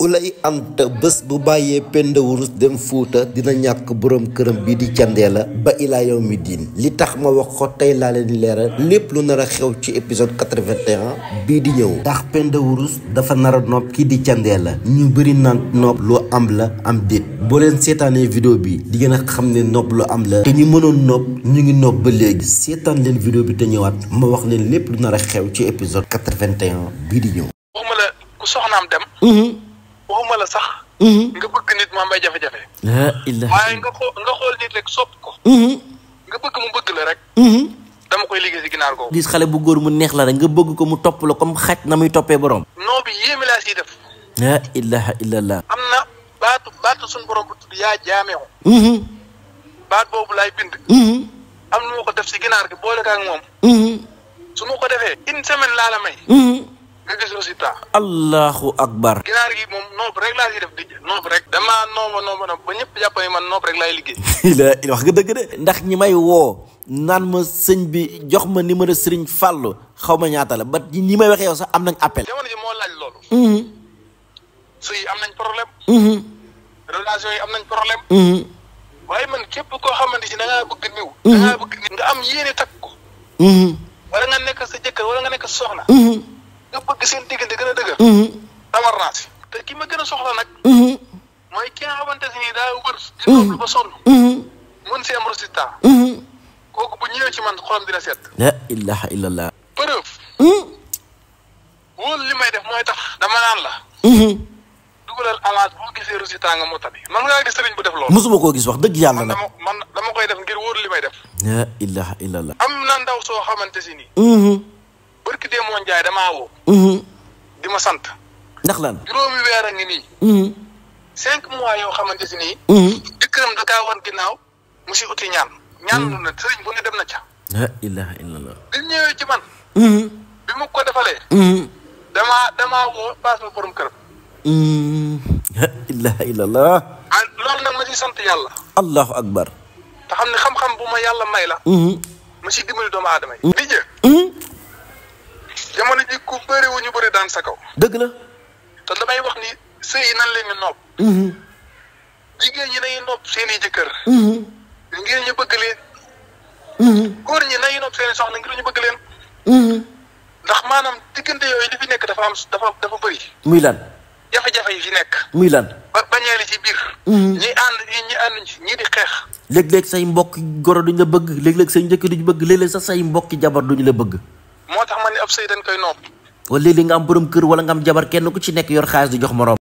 ulay anta bés bu bàyyee penda dem fuuta dina ñàkk boroom këram bii di candeela ba ilaa yow mi diin li tax ma wax ko tey laa leen leeral lépp lu nar a xew ci épisode 81 bii di ñëw tax penda dafa nara a nopp kii di candeela ñu bëri naan nopp lu am la am déet boo leen seetaanee video bi di ngeen a xam ne nopp lu am la te ñu mënoon nopp ñu ngi nopp ba léegi seetaan leen vidéo bi te ñëwaat ma wax leen lépp lu nar a xew ci épisode 81 bii di ñëw waxuma la sax. Mhm. nga bëgg nit mu am ay jafe-jafe. waaye nga xoo nga xool nit rek sopp ko. Mhm. nga bëgg mu bëgg la rek. Mhm. dama koy liggéey si ginaar bu góor mu neex la rek mu topp la comme xaj na muy toppee borom. non bi yéeme laa siy la ilaha na baatu baatu suñu borom bu tudd yaa jaameewu. baat boobu laay bind. am na ma ko def si ginaar gi boole ko ak moom. su ma ko defee une semaine laa la may. nga gis résultat. allahu akbar. ginaar gi moom noob rek laa def di noob rek. damaa nooba nooba noob ba ñëpp jàpp ne man noob rek laay liggéey. wax nga dëgg de. ndax ñi may woo naan ma sëñ bi jox ma numéro Serigne Fallou xaw ma ñaata la ba ñi may waxee yow sax am nañ appel. jamono ji moo laaj loolu. Mm-hmm. su yi am nañ problème. Mm-hmm. relation yi am nañ mm-hmm. waaye man képp koo xamante si da ngaa bëgg niw da ngaa bëgg nga am yéene takk ko. wala nga nga nekk soxna. bëgg seen diggante gën a dëgër. Mm-hmm. tawar naa si te ki ma gën a soxla nag. Mm-hmm. mooy ki nga xamante ne nii daa wër. di noppalu mm-hmm. ba sonn. mën see am résultat. kooku bu ñëwee ci man xolam dina set. la ilaha illallah. preuve. wóolu li may def mooy tax dama naan la. dugalal alaaj boo gisee résultat nga mottali man ngaa gis sëriñ bu def loolu. mosuma koo gis wax dëgg yàlla nag man dama koy def ngir wóolu li may def. la ilaha illallah. am na ndaw soo xamante si nii. barki Demba Ndiaye damaa woo. Mhm. di ma sant. ndax lan juróomi weer ngi nii. Mhm. cinq mois yoo xamante si nii. jëkkëram mhm. da kaa war ginnaaw mu si uti ñaan. ñaan lu ne sëriñ bu ne dem na ca. la ilaha illallah. bi ñëwee ci man. bi mu ko defalee. damaa woo paas ma borom këram. la nag ma si sant yàlla. allahu akbar. te xam xam-xam bu ma yàlla may la. ma si dimbali doomu aadama jamono ji ku bëri wu ñu bëri daan sa kaw. dëgg la. te damay wax ni sëy yi nan leen ñu nopp. Mm-hmm. jigéen ñi nañu nopp seen i jëkkër. Mm-hmm. ngir ñu bëgg leen. Mm-hmm. góor ñi nañu nopp seen i soxna ngir ñu bëgg leen. ndax maanaam diggante yooyu li fi nekk dafa am dafa dafa bëri. muy lan. jafe-jafe yi fi nekk. muy lan. ba bañeeli ci biir. ñi ànd ñi ànd ñi di xeex. léeg-léeg say mbokk goro duñ la bëgg léeg-léeg say njëkk duñ bëgg léeg-léeg sax say mbokki jabar ñu la bëgg. ab sëy dañ koy nopp kër wala nga am jabar kenn ku ci nekk yor xaalis du jox moroom